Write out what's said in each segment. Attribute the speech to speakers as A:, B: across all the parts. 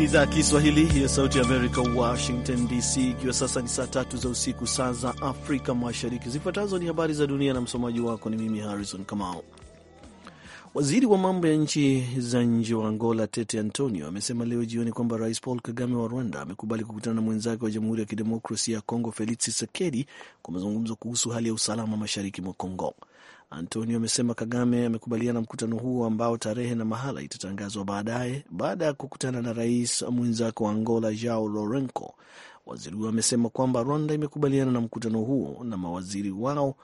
A: ni idhaa ya Kiswahili ya Sauti ya Amerika, Washington DC, ikiwa sasa ni saa tatu za usiku, saa za Afrika Mashariki. Zifuatazo ni habari za dunia na msomaji wako ni mimi Harrison Kamau. Waziri wa mambo ya nchi za nje wa Angola Tete Antonio amesema leo jioni kwamba Rais Paul Kagame wa Rwanda amekubali kukutana na mwenzake wa Jamhuri ya Kidemokrasia ya Kongo Felix Tshisekedi kwa mazungumzo kuhusu hali ya usalama mashariki mwa Kongo. Antonio amesema Kagame amekubaliana mkutano huo ambao tarehe na mahala itatangazwa baadaye, baada ya kukutana na rais mwenzake wa Angola jao lorenco Waziri huyo amesema kwamba Rwanda imekubaliana na mkutano huo na mawaziri wao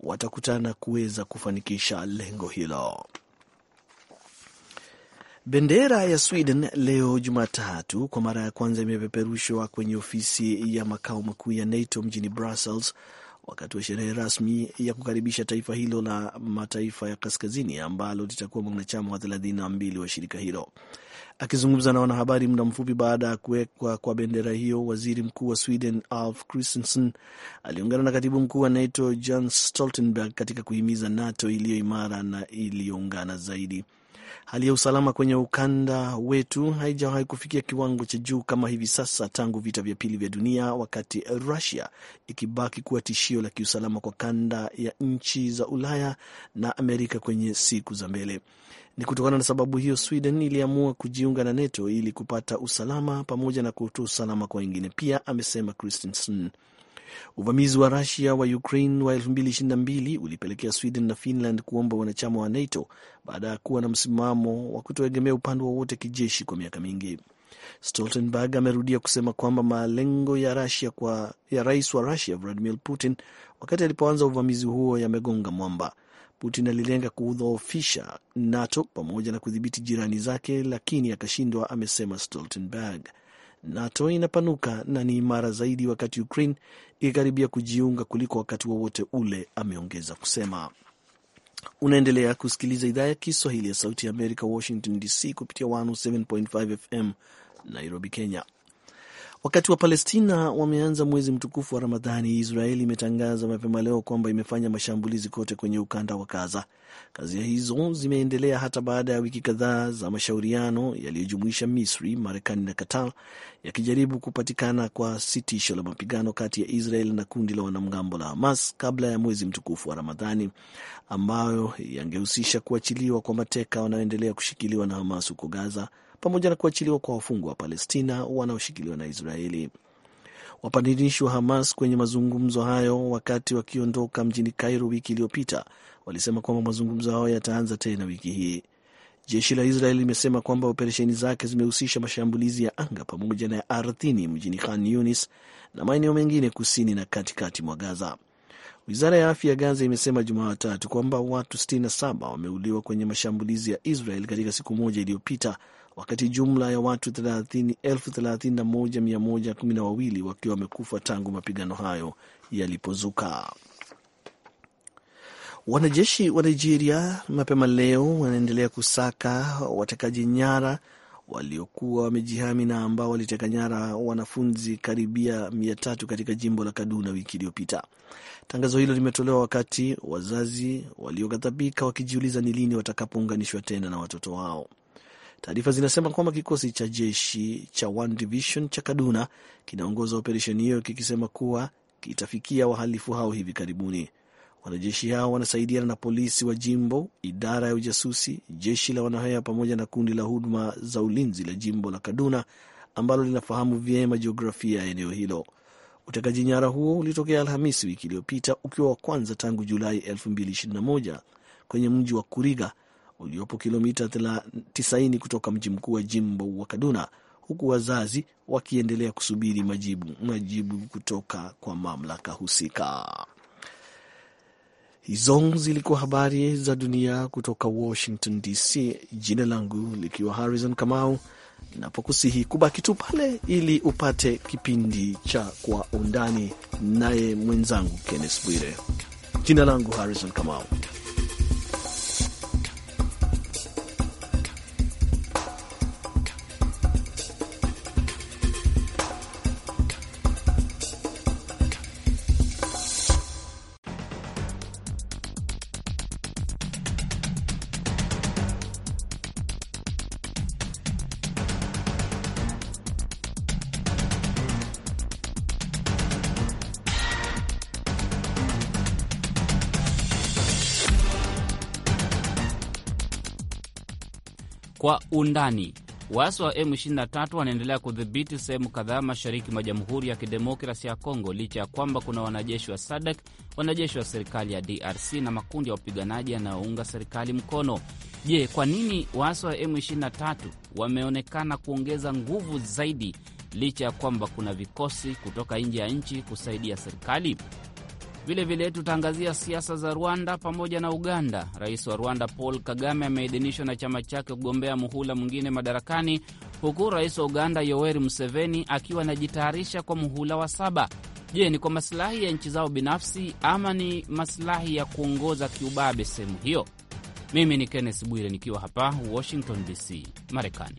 A: watakutana kuweza kufanikisha lengo hilo. Bendera ya Sweden leo Jumatatu kwa mara ya kwanza imepeperushwa kwenye ofisi ya makao makuu ya NATO mjini Brussels wakati wa sherehe rasmi ya kukaribisha taifa hilo la mataifa ya kaskazini ambalo litakuwa mwanachama wa mbili wa shirika hilo. Akizungumza na wanahabari muda mfupi baada ya kuwekwa kwa bendera hiyo, waziri mkuu wa Sweden Alf Christensen aliungana na katibu mkuu wa NATO Jens Stoltenberg katika kuhimiza NATO iliyo imara na iliyoungana zaidi. Hali ya usalama kwenye ukanda wetu haijawahi kufikia kiwango cha juu kama hivi sasa tangu vita vya pili vya dunia, wakati Rusia ikibaki kuwa tishio la kiusalama kwa kanda ya nchi za Ulaya na Amerika kwenye siku za mbele. Ni kutokana na sababu hiyo, Sweden iliamua kujiunga na NATO ili kupata usalama pamoja na kutoa usalama kwa wengine pia, amesema Christensen. Uvamizi wa Rusia wa Ukraine wa 2022 ulipelekea Sweden na Finland kuomba wanachama wa NATO baada ya kuwa na msimamo wa kutoegemea upande wowote kijeshi kwa miaka mingi. Stoltenberg amerudia kusema kwamba malengo ya kwa ya rais wa Russia Vladimir Putin wakati alipoanza uvamizi huo yamegonga mwamba. Putin alilenga kudhoofisha NATO pamoja na kudhibiti jirani zake, lakini akashindwa, amesema Stoltenberg. NATO inapanuka na ni imara zaidi wakati Ukraine ikikaribia kujiunga kuliko wakati wowote wa ule, ameongeza kusema. Unaendelea kusikiliza idhaa ya Kiswahili ya Sauti ya Amerika, Washington DC, kupitia 107.5 FM Nairobi, Kenya. Wakati wa Palestina wameanza mwezi mtukufu wa Ramadhani, Israeli imetangaza mapema leo kwamba imefanya mashambulizi kote kwenye ukanda wa Gaza. Kazi hizo zimeendelea hata baada ya wiki kadhaa za mashauriano yaliyojumuisha Misri, Marekani na Qatar yakijaribu kupatikana kwa sitisho la mapigano kati ya Israel na kundi la wanamgambo la Hamas kabla ya mwezi mtukufu wa Ramadhani, ambayo yangehusisha kuachiliwa kwa mateka wanaoendelea kushikiliwa na Hamas huko Gaza pamoja na kuachiliwa kwa wafungwa wa Palestina wanaoshikiliwa na Israeli. Wapatanishi wa Hamas kwenye mazungumzo hayo wakati wakiondoka mjini Cairo wiki iliyopita walisema kwamba mazungumzo hayo yataanza tena wiki hii. Jeshi la Israeli limesema kwamba operesheni zake zimehusisha mashambulizi ya anga pamoja na ya ardhini mjini Khan Yunis na maeneo mengine kusini na katikati mwa Gaza. Wizara ya afya ya Gaza imesema Jumatatu kwamba watu 67 wameuliwa kwenye mashambulizi ya Israel katika siku moja iliyopita, wakati jumla ya watu 31,112 wakiwa wamekufa tangu mapigano hayo yalipozuka. Wanajeshi wa Nigeria mapema leo wanaendelea kusaka watekaji nyara waliokuwa wamejihami na ambao waliteka nyara wanafunzi karibia mia tatu katika jimbo la Kaduna wiki iliyopita. Tangazo hilo limetolewa wakati wazazi walioghadhabika wakijiuliza ni lini watakapounganishwa tena na watoto wao. Taarifa zinasema kwamba kikosi cha jeshi cha One Division cha Kaduna kinaongoza operesheni hiyo kikisema kuwa kitafikia wahalifu hao hivi karibuni. Wanajeshi hao wanasaidiana na polisi wa jimbo, idara ya ujasusi, jeshi la wanahewa pamoja na kundi la huduma za ulinzi la jimbo la Kaduna ambalo linafahamu vyema jiografia ya eneo hilo. Utekaji nyara huo ulitokea Alhamisi wiki iliyopita ukiwa wa kwanza tangu Julai 2021 kwenye mji wa Kuriga uliopo kilomita 90 kutoka mji mkuu wa jimbo wa Kaduna, huku wazazi wakiendelea kusubiri majibu, majibu kutoka kwa mamlaka husika. Hizo zilikuwa habari za dunia kutoka Washington DC, jina langu likiwa Harrison Kamau, napokusihi kubaki tu pale ili upate kipindi cha Kwa Undani naye mwenzangu Kennes Bwire. Jina langu Harrison Kamau.
B: undani Waasi wa M23 wanaendelea kudhibiti sehemu kadhaa mashariki mwa Jamhuri ya Kidemokrasi ya Kongo licha ya kwamba kuna wanajeshi wa SADC, wanajeshi wa serikali ya DRC na makundi ya wapiganaji yanayounga serikali mkono. Je, kwa nini waasi wa M23 wameonekana kuongeza nguvu zaidi licha ya kwamba kuna vikosi kutoka nje ya nchi kusaidia serikali? Vilevile tutaangazia siasa za Rwanda pamoja na Uganda. Rais wa Rwanda Paul Kagame ameidhinishwa na chama chake kugombea muhula mwingine madarakani, huku rais wa Uganda Yoweri Museveni akiwa anajitayarisha kwa muhula wa saba. Je, ni kwa masilahi ya nchi zao binafsi ama ni masilahi ya kuongoza kiubabe sehemu hiyo? Mimi ni Kenneth Bwire nikiwa hapa Washington DC, Marekani.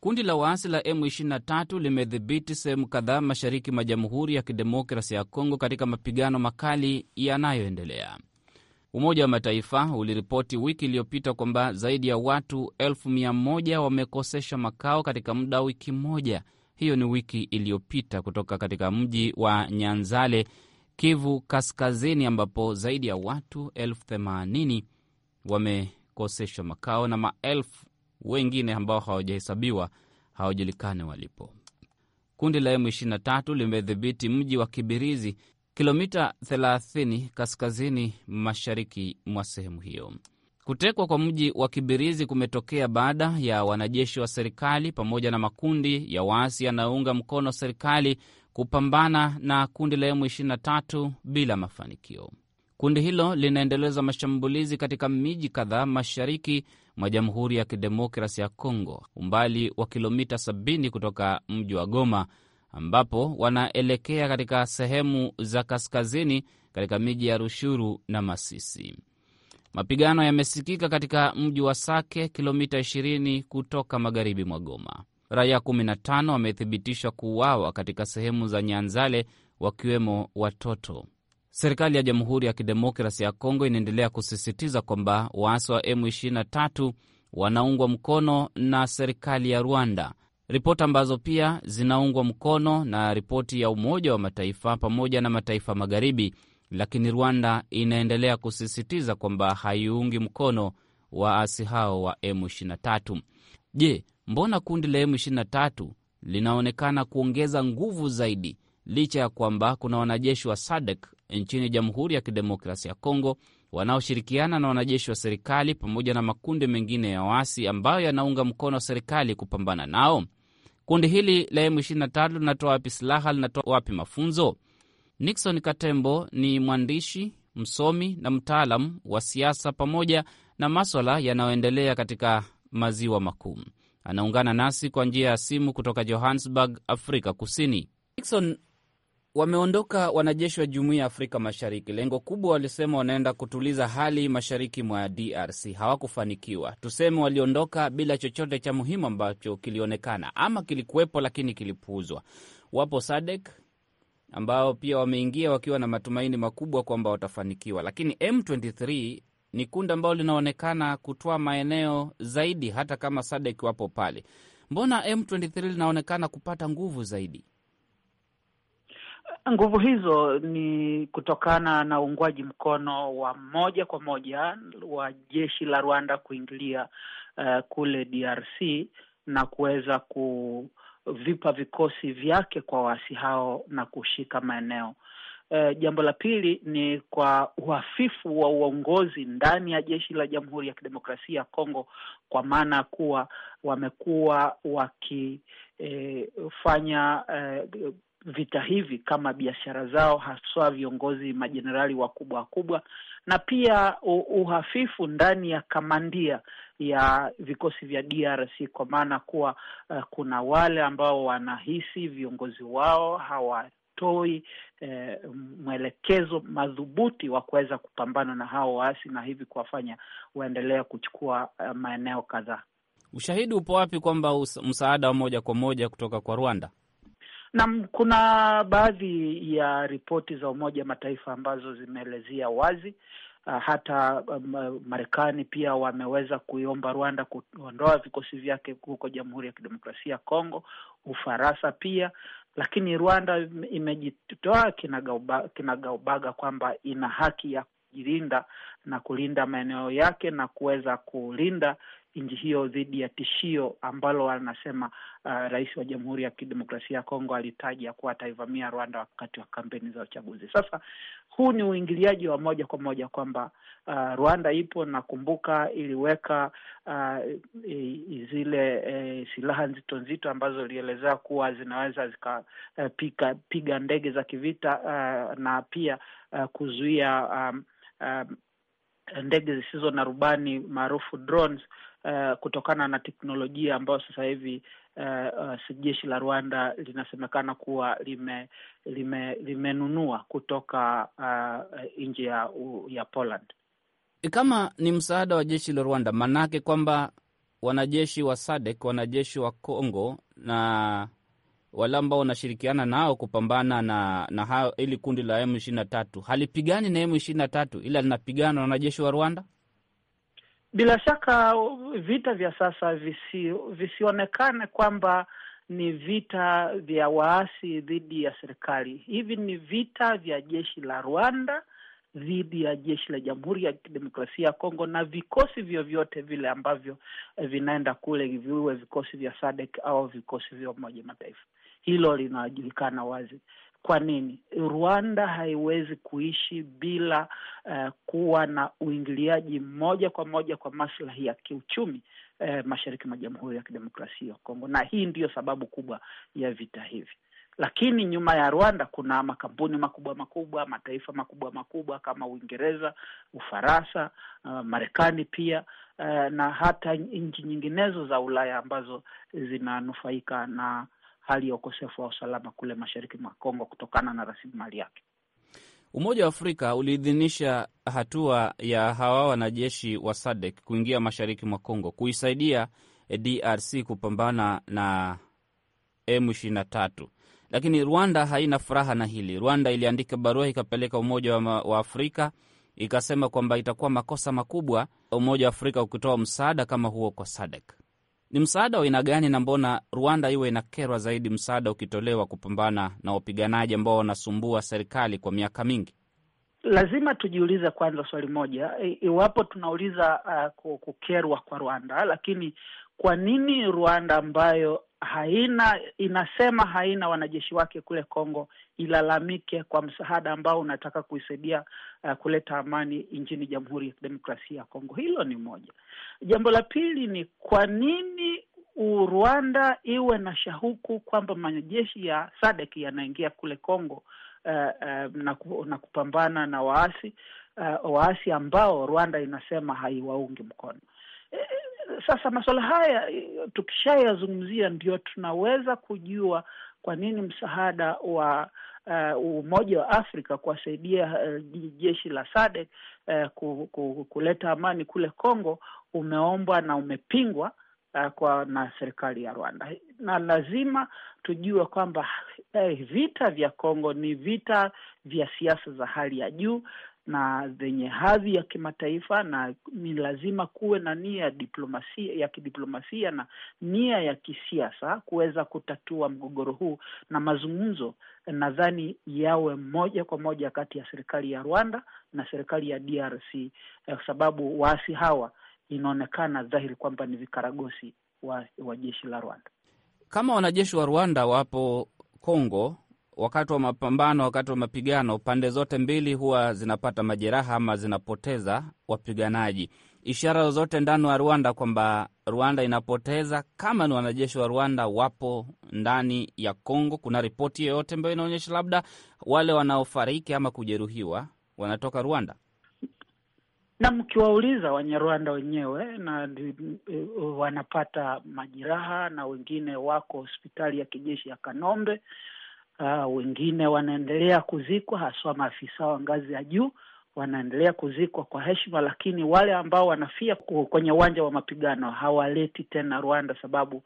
B: Kundi la waasi la M23 limedhibiti sehemu kadhaa mashariki mwa Jamhuri ya Kidemokrasia ya Kongo katika mapigano makali yanayoendelea. Umoja wa Mataifa uliripoti wiki iliyopita kwamba zaidi ya watu elfu mia moja wamekosesha makao katika muda wa wiki moja. Hiyo ni wiki iliyopita, kutoka katika mji wa Nyanzale, Kivu Kaskazini, ambapo zaidi ya watu elfu themanini wamekoseshwa makao na maelfu wengine ambao hawajahesabiwa hawajulikani walipo. Kundi la M23 limedhibiti mji wa Kibirizi, kilomita 30 kaskazini mashariki mwa sehemu hiyo. Kutekwa kwa mji wa Kibirizi kumetokea baada ya wanajeshi wa serikali pamoja na makundi ya waasi yanayounga mkono serikali kupambana na kundi la M23 bila mafanikio. Kundi hilo linaendeleza mashambulizi katika miji kadhaa mashariki mwa Jamhuri ya Kidemokrasi ya congo umbali wa kilomita 70 kutoka mji wa Goma, ambapo wanaelekea katika sehemu za kaskazini katika miji ya Rushuru na Masisi. Mapigano yamesikika katika mji wa Sake, kilomita 20 kutoka magharibi mwa Goma. Raia 15 wamethibitishwa kuuawa katika sehemu za Nyanzale, wakiwemo watoto. Serikali ya Jamhuri ya Kidemokrasi ya Kongo inaendelea kusisitiza kwamba waasi wa M23 wanaungwa mkono na serikali ya Rwanda, ripoti ambazo pia zinaungwa mkono na ripoti ya Umoja wa Mataifa pamoja na mataifa magharibi, lakini Rwanda inaendelea kusisitiza kwamba haiungi mkono waasi hao wa M23. Je, mbona kundi la M23 linaonekana kuongeza nguvu zaidi licha ya kwamba kuna wanajeshi wa SADC nchini Jamhuri ya Kidemokrasia ya Kongo wanaoshirikiana na wanajeshi wa serikali pamoja na makundi mengine ya waasi ambayo yanaunga mkono wa serikali kupambana nao. Kundi hili la M23 linatoa wapi silaha? Linatoa wapi mafunzo? Nixon Katembo ni mwandishi, msomi na mtaalam wa siasa pamoja na maswala yanayoendelea katika maziwa makuu. Anaungana nasi kwa njia ya simu kutoka Johannesburg, Afrika Kusini. Nixon, wameondoka wanajeshi wa jumuiya ya Afrika Mashariki. Lengo kubwa walisema wanaenda kutuliza hali mashariki mwa DRC, hawakufanikiwa. Tuseme waliondoka bila chochote cha muhimu ambacho kilionekana ama kilikuwepo, lakini kilipuuzwa. Wapo SADC ambao pia wameingia wakiwa na matumaini makubwa kwamba watafanikiwa, lakini M23 ni kundi ambalo linaonekana kutoa maeneo zaidi, hata kama SADC wapo pale. Mbona M23 linaonekana kupata nguvu zaidi?
C: Nguvu hizo ni kutokana na uungwaji mkono wa moja kwa moja wa jeshi la Rwanda kuingilia uh, kule DRC na kuweza kuvipa vikosi vyake kwa waasi hao na kushika maeneo. Uh, jambo la pili ni kwa uhafifu wa uongozi ndani ya jeshi la Jamhuri ya Kidemokrasia ya Kongo, kwa maana ya kuwa wamekuwa wakifanya eh, eh, vita hivi kama biashara zao, haswa viongozi majenerali wakubwa wakubwa, na pia uhafifu ndani ya kamandia ya vikosi vya DRC kwa maana kuwa uh, kuna wale ambao wanahisi viongozi wao hawa toi eh, mwelekezo madhubuti wa kuweza kupambana na hao waasi na hivi kuwafanya waendelea kuchukua eh, maeneo kadhaa.
B: Ushahidi upo wapi kwamba msaada wa moja kwa moja kutoka kwa Rwanda
C: Naam, kuna baadhi ya ripoti za Umoja wa Mataifa ambazo zimeelezea wazi uh, hata um, Marekani pia wameweza kuiomba Rwanda kuondoa vikosi vyake huko Jamhuri ya Kidemokrasia ya Kongo, Ufaransa pia lakini Rwanda imejitoa kinagaubaga kwamba ina haki ya kujilinda na kulinda maeneo yake na kuweza kulinda nchi hiyo dhidi ya tishio ambalo wanasema uh, rais wa Jamhuri ya Kidemokrasia ya Kongo alitaja kuwa ataivamia Rwanda wakati wa kampeni za uchaguzi. Sasa huu ni uingiliaji wa moja kwa moja kwamba uh, Rwanda ipo na kumbuka, iliweka uh, zile uh, silaha nzito nzito ambazo ilielezea kuwa zinaweza zikapiga eh, uh, piga ndege za kivita uh, na pia uh, kuzuia um, um, ndege zisizo na rubani maarufu drones uh, kutokana na teknolojia ambayo sasa hivi uh, uh, jeshi la Rwanda linasemekana kuwa lime, lime, limenunua kutoka uh, nje ya, ya Poland.
B: E, kama ni msaada wa jeshi la Rwanda, maanake kwamba wanajeshi wa SADC, wanajeshi wa congo na wale ambao wanashirikiana nao kupambana na na hayo, ili kundi la M ishiri na tatu halipigani na M ishirini na tatu ila linapigana na wanajeshi wa Rwanda.
C: Bila shaka vita vya sasa visi, visionekane kwamba ni vita vya waasi dhidi ya serikali. Hivi ni vita vya jeshi la Rwanda dhidi ya jeshi la Jamhuri ya Kidemokrasia ya Kongo na vikosi vyovyote vile ambavyo eh, vinaenda kule, viwe vikosi vya SADC au vikosi vya Umoja Mataifa. Hilo linajulikana wazi. Kwa nini Rwanda haiwezi kuishi bila uh, kuwa na uingiliaji moja kwa moja kwa maslahi ya kiuchumi uh, mashariki mwa Jamhuri ya Kidemokrasia ya Kongo, na hii ndiyo sababu kubwa ya vita hivi. Lakini nyuma ya Rwanda kuna makampuni makubwa makubwa, mataifa makubwa makubwa kama Uingereza, Ufaransa, uh, Marekani pia uh, na hata nchi nyinginezo za Ulaya ambazo zinanufaika na hali ya ukosefu wa usalama kule mashariki mwa Kongo kutokana na rasilimali yake.
B: Umoja wa Afrika uliidhinisha hatua ya hawa wanajeshi wa SADC kuingia mashariki mwa Kongo kuisaidia eh, DRC kupambana na M23, lakini Rwanda haina furaha na hili. Rwanda iliandika barua ikapeleka Umoja wa Afrika ikasema kwamba itakuwa makosa makubwa Umoja wa Afrika ukitoa msaada kama huo kwa SADC. Ni msaada wa aina gani, na mbona Rwanda iwe inakerwa zaidi msaada ukitolewa kupambana na wapiganaji ambao wanasumbua serikali kwa miaka mingi?
C: Lazima tujiulize kwanza swali moja, iwapo tunauliza uh, kukerwa kwa Rwanda, lakini kwa nini Rwanda ambayo haina inasema haina wanajeshi wake kule Kongo, ilalamike kwa msaada ambao unataka kuisaidia uh, kuleta amani nchini Jamhuri ya Kidemokrasia ya Kongo. Hilo ni moja. Jambo la pili ni kwa nini Rwanda iwe na shauku kwamba majeshi ya SADC yanaingia kule Kongo uh, uh, na, ku, na kupambana na waasi uh, waasi ambao Rwanda inasema haiwaungi mkono. Sasa masuala haya tukishayazungumzia, ndio tunaweza kujua kwa nini msaada wa uh, Umoja wa Afrika kuwasaidia uh, jeshi la SADC uh, ku, ku, kuleta amani kule congo umeombwa na umepingwa uh, kwa na serikali ya Rwanda, na lazima tujue kwamba uh, vita vya congo ni vita vya siasa za hali ya juu na zenye hadhi ya kimataifa, na ni lazima kuwe na nia diplomasia, ya kidiplomasia na nia ya kisiasa kuweza kutatua mgogoro huu, na mazungumzo nadhani yawe moja kwa moja kati ya serikali ya Rwanda na serikali ya DRC eh, kwa sababu waasi hawa inaonekana dhahiri kwamba ni vikaragosi wa, wa jeshi la Rwanda.
B: Kama wanajeshi wa Rwanda wapo Kongo wakati wa mapambano, wakati wa mapigano, pande zote mbili huwa zinapata majeraha ama zinapoteza wapiganaji. Ishara zozote ndani wa Rwanda kwamba Rwanda inapoteza kama ni wanajeshi wa Rwanda wapo ndani ya Kongo? Kuna ripoti yoyote ambayo inaonyesha labda wale wanaofariki ama kujeruhiwa wanatoka Rwanda?
C: na mkiwauliza Wanyarwanda wenyewe na e, e, wanapata majeraha na wengine wako hospitali ya kijeshi ya Kanombe uh, wengine wanaendelea kuzikwa, haswa maafisa wa ngazi ya juu wanaendelea kuzikwa kwa heshima, lakini wale ambao wanafia kwenye uwanja wa mapigano hawaleti tena Rwanda sababu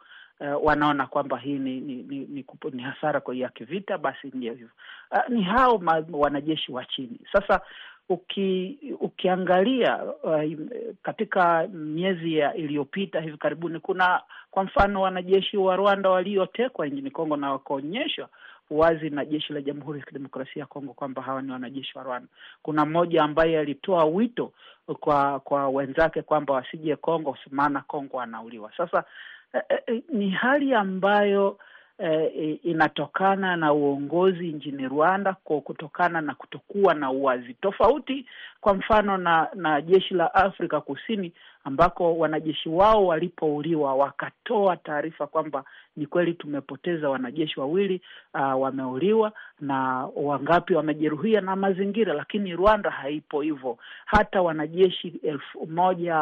C: uh, wanaona kwamba hii ni ni, ni, ni, ni hasara ya kivita, basi ndio hivyo. Uh, ni hao ma, wanajeshi wa chini. Sasa uki, ukiangalia uh, katika miezi iliyopita hivi karibuni, kuna kwa mfano wanajeshi wa Rwanda waliotekwa nchini Kongo na wakaonyeshwa wazi na jeshi la Jamhuri ya Kidemokrasia ya Kongo kwamba hawa ni wanajeshi wa Rwanda. Kuna mmoja ambaye alitoa wito kwa kwa wenzake kwamba wasije Kongo, maana Kongo anauliwa Sasa eh, eh, ni hali ambayo eh, eh inatokana na uongozi nchini Rwanda kwa kutokana na kutokuwa na uwazi, tofauti kwa mfano na na jeshi la Afrika Kusini ambako wanajeshi wao walipouliwa wakatoa taarifa kwamba ni kweli tumepoteza wanajeshi wawili, uh, wameuliwa na wangapi wamejeruhia na mazingira. Lakini Rwanda haipo hivyo, hata wanajeshi elfu moja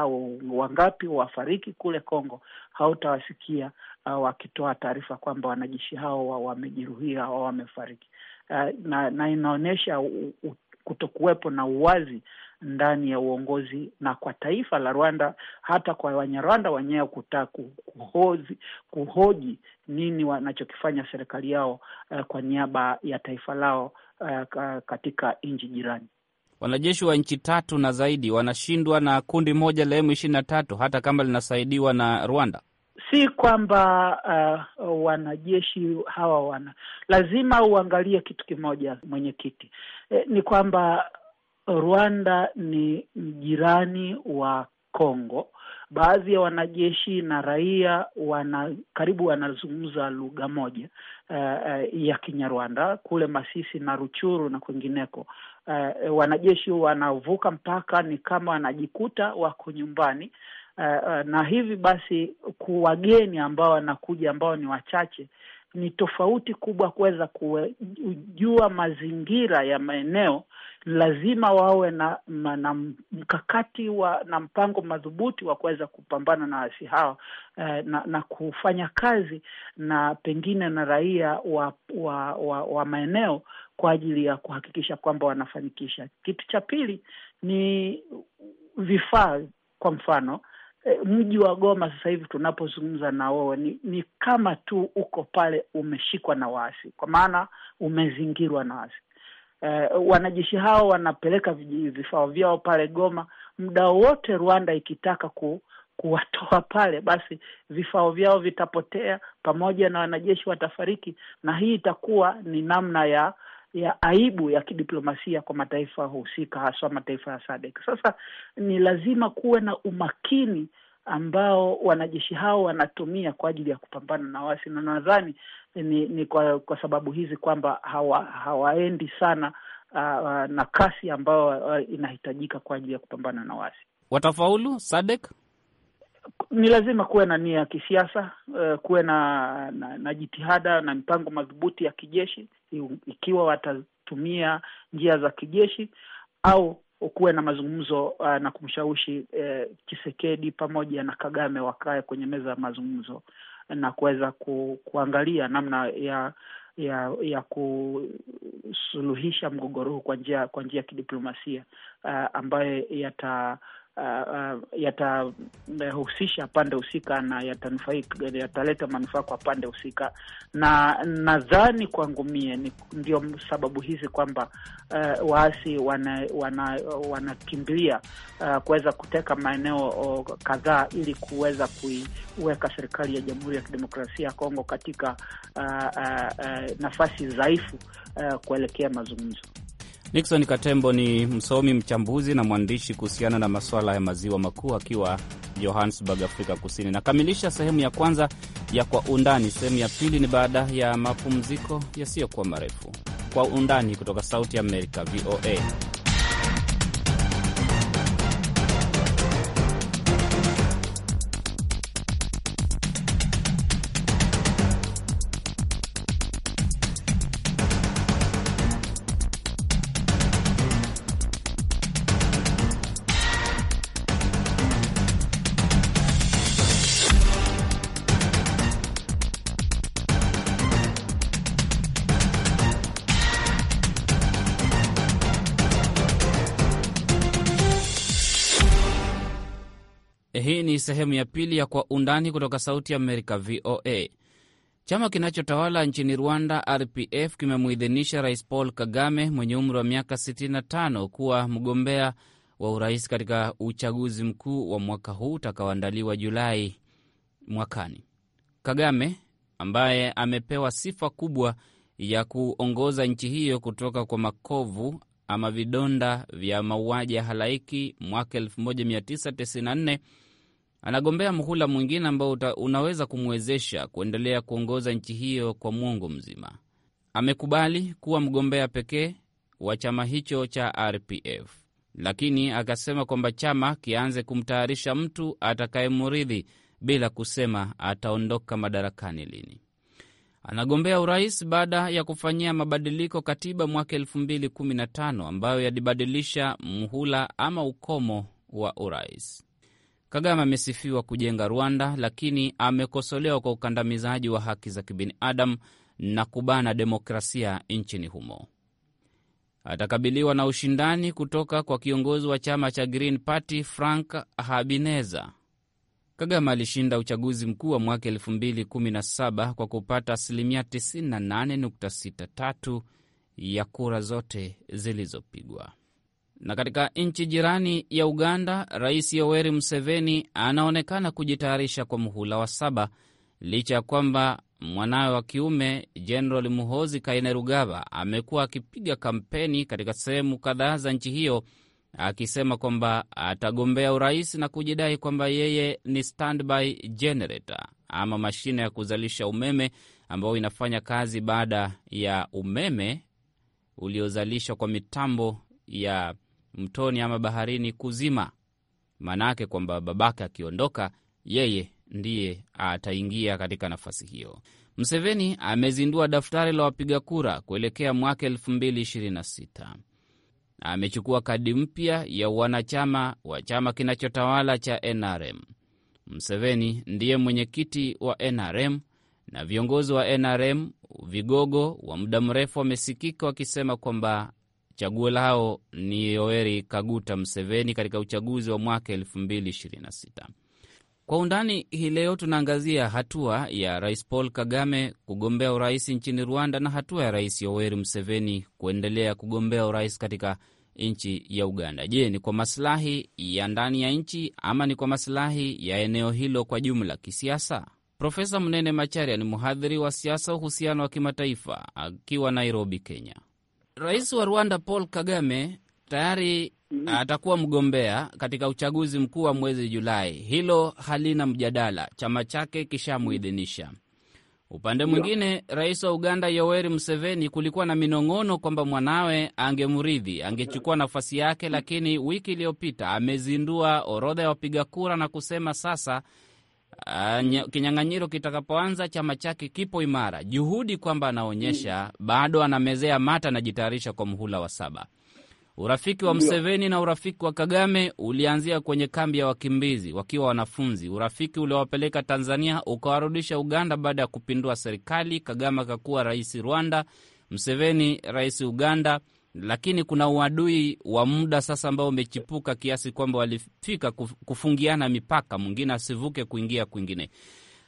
C: wangapi wafariki kule Kongo hautawasikia uh, wakitoa taarifa kwamba wanajeshi hao wamejeruhia au wamefariki. Uh, na, na inaonyesha kutokuwepo na uwazi ndani ya uongozi na kwa taifa la Rwanda, hata kwa Wanyarwanda wenyewe kutaka kuhoji, kuhoji nini wanachokifanya serikali yao uh, kwa niaba ya taifa lao uh, katika nchi jirani.
B: Wanajeshi wa nchi tatu na zaidi wanashindwa na kundi moja la M ishirini na tatu hata kama linasaidiwa na Rwanda.
C: Si kwamba uh, wanajeshi hawa wana lazima uangalie kitu kimoja mwenyekiti, e, ni kwamba Rwanda ni jirani wa Kongo. Baadhi ya wanajeshi na raia wana karibu wanazungumza lugha moja uh, uh, ya Kinyarwanda kule Masisi na Ruchuru na kwingineko. Uh, wanajeshi wanavuka mpaka ni kama wanajikuta wako nyumbani. Uh, uh, na hivi basi kuwageni ambao wanakuja ambao ni wachache ni tofauti kubwa kuweza kujua mazingira ya maeneo. Lazima wawe na, na, na mkakati wa na mpango madhubuti wa kuweza kupambana na waasi hawa eh, na, na kufanya kazi na pengine na raia wa, wa, wa, wa maeneo kwa ajili ya kuhakikisha kwamba wanafanikisha. Kitu cha pili ni vifaa, kwa mfano Eh, mji wa Goma sasa hivi tunapozungumza na wewe ni, ni kama tu uko pale umeshikwa na waasi, kwa maana umezingirwa na waasi. E, wanajeshi hao wanapeleka vifaa vyao pale Goma, muda wote Rwanda ikitaka ku, kuwatoa pale, basi vifaa vyao vitapotea pamoja na wanajeshi watafariki, na hii itakuwa ni namna ya ya aibu ya kidiplomasia kwa mataifa husika, haswa mataifa ya SADC. Sasa ni lazima kuwe na umakini ambao wanajeshi hao wanatumia kwa ajili ya kupambana na wasi, na nadhani ni, ni kwa, kwa sababu hizi kwamba hawa, hawaendi sana uh, na kasi ambayo uh, inahitajika kwa ajili ya kupambana na wasi. Watafaulu SADC? ni lazima kuwe na nia ya kisiasa eh, kuwe na, na na jitihada na mipango madhubuti ya kijeshi, ikiwa watatumia njia za kijeshi au kuwe na mazungumzo uh, na kumshawishi uh, eh, Chisekedi pamoja na Kagame wakae kwenye meza ya mazungumzo na kuweza ku, kuangalia namna ya ya ya kusuluhisha mgogoro huu kwa njia kwa njia ya kidiplomasia uh, ambayo yata Uh, uh, yatahusisha pande husika na yataleta manufaa kwa pande husika, na nadhani kwangu mie ndio sababu hizi kwamba uh, waasi wanakimbilia wana, wana uh, kuweza kuteka maeneo uh, kadhaa ili kuweza kuiweka serikali ya Jamhuri ya Kidemokrasia ya Kongo katika uh, uh, uh, nafasi dhaifu uh, kuelekea mazungumzo.
B: Nixon Katembo ni msomi, mchambuzi na mwandishi kuhusiana na masuala ya maziwa makuu akiwa Johannesburg, Afrika Kusini. Nakamilisha sehemu ya kwanza ya Kwa Undani. Sehemu ya pili ni baada ya mapumziko yasiyokuwa marefu. Kwa Undani kutoka Sauti ya Amerika, VOA. ni sehemu ya pili ya Kwa Undani kutoka Sauti Amerika, VOA. Chama kinachotawala nchini Rwanda, RPF, kimemuidhinisha Rais Paul Kagame mwenye umri wa miaka 65 kuwa mgombea wa urais katika uchaguzi mkuu wa mwaka huu utakaoandaliwa Julai mwakani. Kagame ambaye amepewa sifa kubwa ya kuongoza nchi hiyo kutoka kwa makovu ama vidonda vya mauaji ya halaiki mwaka 1994 Anagombea muhula mwingine ambao unaweza kumwezesha kuendelea kuongoza nchi hiyo kwa mwongo mzima. Amekubali kuwa mgombea pekee wa chama hicho cha RPF, lakini akasema kwamba chama kianze kumtayarisha mtu atakayemuridhi bila kusema ataondoka madarakani lini. Anagombea urais baada ya kufanyia mabadiliko katiba mwaka 215 ambayo yalibadilisha mhula ama ukomo wa urais. Kagame amesifiwa kujenga Rwanda, lakini amekosolewa kwa ukandamizaji wa haki za kibinadamu na kubana demokrasia nchini humo. Atakabiliwa na ushindani kutoka kwa kiongozi wa chama cha Green Party Frank Habineza. Kagame alishinda uchaguzi mkuu wa mwaka 2017 kwa kupata asilimia 98.63 ya kura zote zilizopigwa. Na katika nchi jirani ya Uganda, Rais Yoweri Museveni anaonekana kujitayarisha kwa muhula wa saba licha ya kwamba mwanawe wa kiume general Muhozi Kainerugaba amekuwa akipiga kampeni katika sehemu kadhaa za nchi hiyo akisema kwamba atagombea urais na kujidai kwamba yeye ni standby generator ama mashine ya kuzalisha umeme ambayo inafanya kazi baada ya umeme uliozalishwa kwa mitambo ya mtoni ama baharini kuzima. Maanake kwamba babake akiondoka, yeye ndiye ataingia katika nafasi hiyo. Mseveni amezindua daftari la wapiga kura kuelekea mwaka elfu mbili ishirini na sita. Amechukua kadi mpya ya wanachama wa chama kinachotawala cha NRM. Mseveni ndiye mwenyekiti wa NRM na viongozi wa NRM vigogo wa muda mrefu wamesikika wakisema kwamba Chaguo lao ni Yoweri Kaguta Museveni katika uchaguzi wa mwaka 2026. Kwa undani hii leo tunaangazia hatua ya Rais Paul Kagame kugombea urais nchini Rwanda na hatua ya Rais Yoweri Museveni kuendelea kugombea urais katika nchi ya Uganda. Je, ni kwa masilahi ya ndani ya nchi ama ni kwa masilahi ya eneo hilo kwa jumla kisiasa? Profesa mnene Macharia ni mhadhiri wa siasa, uhusiano wa kimataifa, akiwa Nairobi, Kenya. Rais wa Rwanda Paul Kagame tayari mm -hmm. atakuwa mgombea katika uchaguzi mkuu wa mwezi Julai. Hilo halina mjadala, chama chake kishamuidhinisha. Upande mwingine, rais wa Uganda Yoweri Museveni, kulikuwa na minong'ono kwamba mwanawe angemrithi, angechukua nafasi yake, lakini wiki iliyopita amezindua orodha ya wapiga kura na kusema sasa Ah, kinyang'anyiro kitakapoanza chama chake kipo imara. Juhudi kwamba anaonyesha bado anamezea mata, anajitayarisha kwa mhula wa saba. Urafiki wa Mseveni na urafiki wa Kagame ulianzia kwenye kambi ya wakimbizi wakiwa wanafunzi, urafiki uliowapeleka Tanzania ukawarudisha Uganda baada ya kupindua serikali. Kagame akakuwa rais Rwanda, Mseveni rais Uganda lakini kuna uadui wa muda sasa ambao umechipuka kiasi kwamba walifika kufungiana mipaka, mwingine asivuke kuingia kwingine.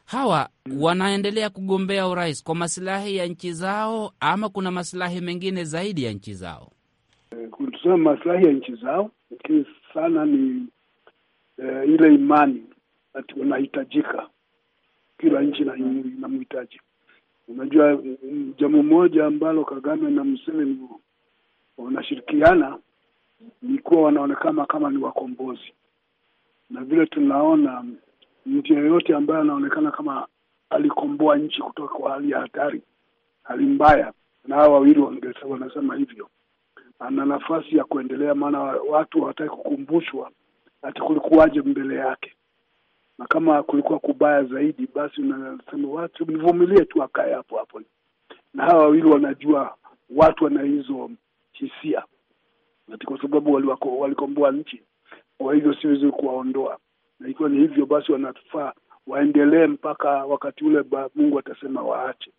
B: Hawa wanaendelea kugombea urais kwa masilahi ya nchi zao, ama kuna masilahi mengine zaidi ya nchi zao?
D: Tuseme masilahi ya nchi zao, lakini sana ni e, ile imani ati unahitajika, kila nchi inamhitaji. Unajua mm, jambo moja ambalo Kagame na Museveni wanashirikiana ni kuwa wanaonekana kama ni wakombozi, na vile tunaona mtu yeyote ambaye anaonekana kama alikomboa nchi kutoka kwa hali ya hatari, hali mbaya, na hawa wawili wanasema hivyo, ana nafasi ya kuendelea, maana watu hawataki kukumbushwa ati kulikuwaje mbele yake, na kama kulikuwa kubaya zaidi, basi unasema watu mvumilie tu, akae hapo hapo, na hawa wawili wanajua watu wana hizo hisia, ati kwa sababu walikomboa nchi. Kwa hivyo si vizuri kuwaondoa, na ikiwa ni hivyo basi wanatufaa waendelee mpaka wakati ule ba Mungu atasema waache.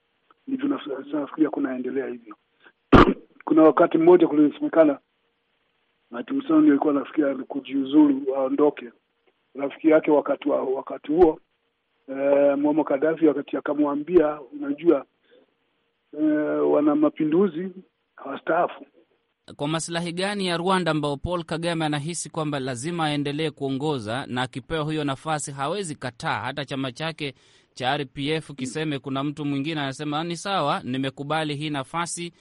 D: Ndivyo nafikiria kunaendelea hivyo. Kuna wakati mmoja kulisemekana ati Museveni alikuwa anafikia kujiuzulu, aondoke. Rafiki yake wakati wa, wakati huo eh, Muammar Gaddafi wakati akamwambia, unajua eh, wana mapinduzi hawastaafu
B: kwa masilahi gani ya Rwanda ambayo Paul Kagame anahisi kwamba lazima aendelee kuongoza na akipewa hiyo nafasi hawezi kataa, hata chama chake cha RPF kiseme kuna mtu mwingine anasema ah, ni sawa, nimekubali hii nafasi,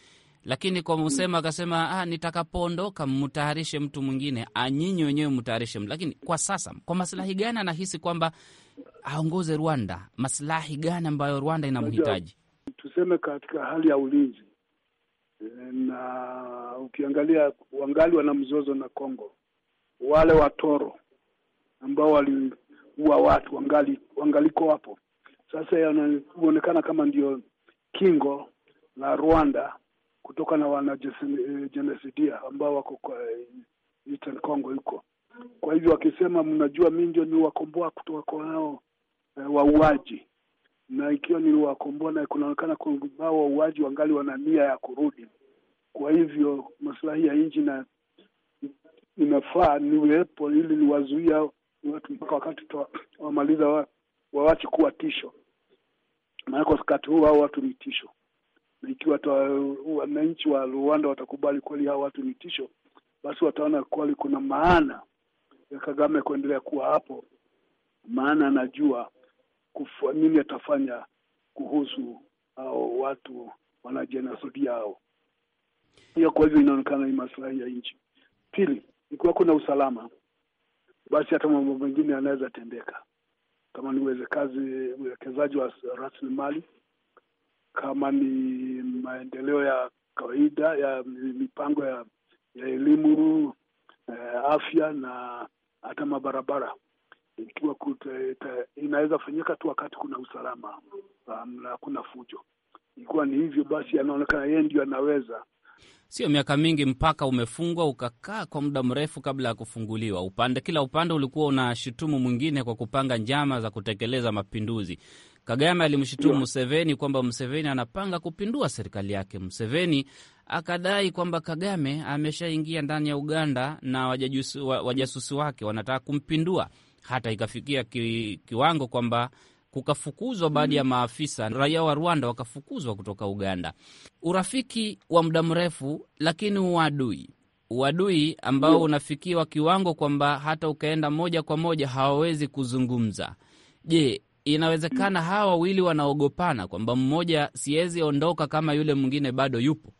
B: lakini kwa Musema akasema ah, nitakapoondoka mtayarishe mtu mwingine, anyinyi ah, wenyewe mtayarishe. Lakini kwa sasa, kwa masilahi gani anahisi kwamba aongoze Rwanda? Masilahi gani ambayo Rwanda inamhitaji?
D: Tuseme katika hali ya ulinzi na ukiangalia wangali wana mzozo na Kongo, wale watoro ambao waliua watu wangali wangaliko hapo Sasa yanaonekana kama ndio kingo la Rwanda kutoka na wanajenesidia eh, ambao wako kwa eh, Eastern Congo huko. Kwa hivyo wakisema, mnajua, mi ndio niwakomboa kutoka kwa hao e, eh, wauaji na ikiwa niliwakomboa na kunaonekana kwamba wauaji wangali wana nia ya kurudi. Kwa hivyo maslahi ya nchi na inafaa niwepo ili niwazuia watu mpaka wakati wamaliza wa, wawache kuwa tisho, maanake wakati huu hao watu ni tisho, na ikiwa wananchi wa Rwanda watakubali kweli hao watu ni tisho, basi wataona kweli kuna maana ya Kagame kuendelea kuwa hapo, maana anajua kufa, nini atafanya kuhusu hao watu wanajinasudi yao Hiyo kwa hivyo inaonekana ni maslahi ya nchi. Pili, ikiwa kuna usalama, basi hata mambo mengine yanaweza tendeka, kama ni uwezekazi uwekezaji wa rasilimali, kama ni maendeleo ya kawaida ya mipango ya, ya elimu, eh, afya na hata mabarabara inaweza fanyika tu wakati kuna usalama um, na hakuna fujo. Ikiwa ni hivyo basi, anaonekana yeye ndio anaweza.
B: Sio miaka mingi mpaka umefungwa ukakaa kwa muda mrefu kabla ya kufunguliwa. Upande kila upande ulikuwa unashutumu mwingine kwa kupanga njama za kutekeleza mapinduzi. Kagame alimshutumu Museveni kwamba Museveni anapanga kupindua serikali yake. Museveni akadai kwamba Kagame ameshaingia ndani ya Uganda na wajasusi wake wanataka kumpindua hata ikafikia ki, kiwango kwamba kukafukuzwa baadhi ya mm. maafisa raia wa Rwanda wakafukuzwa kutoka Uganda. Urafiki wa muda mrefu, lakini uadui, uadui ambao mm. unafikiwa kiwango kwamba hata ukaenda moja kwa moja hawawezi kuzungumza. Je, inawezekana hawa wawili wanaogopana kwamba mmoja siwezi ondoka kama yule mwingine bado yupo?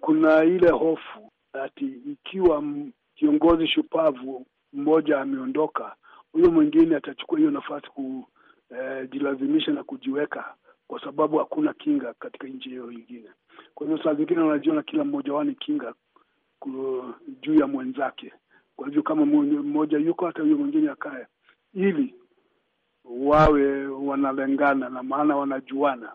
D: Kuna ile hofu ati ikiwa kiongozi shupavu mmoja ameondoka huyo mwingine atachukua hiyo nafasi kujilazimisha eh, na kujiweka, kwa sababu hakuna kinga katika nchi hiyo ingine Kwa hivyo saa zingine wanajiona kila mmoja wao ni kinga juu ya mwenzake. Kwa hivyo kama mmoja yuko, hata huyo mwingine akae, ili wawe wanalengana, na maana wanajuana,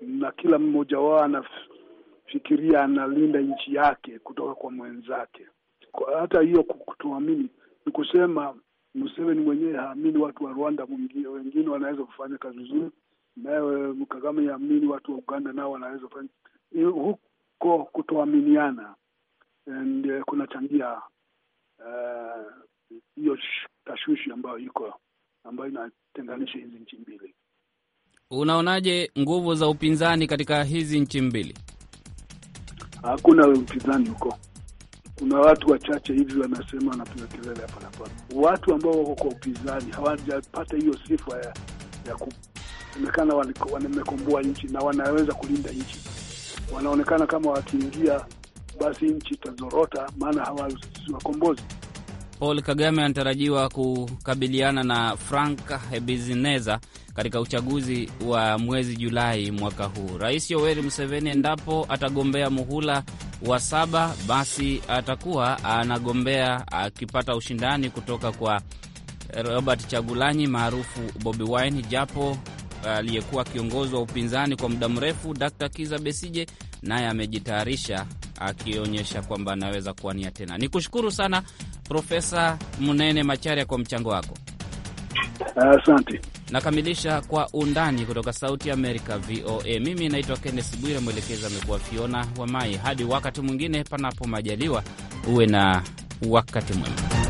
D: na kila mmoja wao anafikiria analinda nchi yake kutoka kwa mwenzake. Kwa hata hiyo kutoamini ni kusema Museveni mwenyewe haamini watu wa Rwanda, mwingine wengine wanaweza kufanya kazi vizuri, naye Kagame yaamini watu wa Uganda nao wanaweza kufanya huko. Kutoaminiana eh, ndio kunachangia eh, hiyo uh, tashwishi ambayo iko ambayo inatenganisha hizi nchi mbili.
B: Unaonaje nguvu za upinzani katika hizi nchi mbili?
D: Hakuna upinzani huko kuna watu wachache hivi wanasema, wanapiga kelele hapa na pale. Watu ambao wako kwa upinzani hawajapata hiyo sifa ya, ya kusemekana wamekomboa nchi na wanaweza kulinda nchi. Wanaonekana kama wakiingia basi nchi itazorota, maana hawasi wakombozi.
B: Paul Kagame anatarajiwa kukabiliana na Frank Bizineza katika uchaguzi wa mwezi Julai mwaka huu. Rais Yoweri Museveni, endapo atagombea muhula wa saba, basi atakuwa anagombea akipata ushindani kutoka kwa Robert Chagulanyi maarufu Bobi Wine, japo aliyekuwa kiongozi wa upinzani kwa muda mrefu Dr. Kiza Besije naye amejitayarisha akionyesha kwamba anaweza kuwania tena. Ni kushukuru sana Profesa Munene Macharia kwa mchango wako,
D: asante.
B: Uh, nakamilisha kwa undani kutoka Sauti ya Amerika, VOA. Mimi naitwa Kennes Bwire, mwelekezi amekuwa Fiona Wamai. Hadi wakati mwingine, panapo majaliwa, uwe na wakati mwema.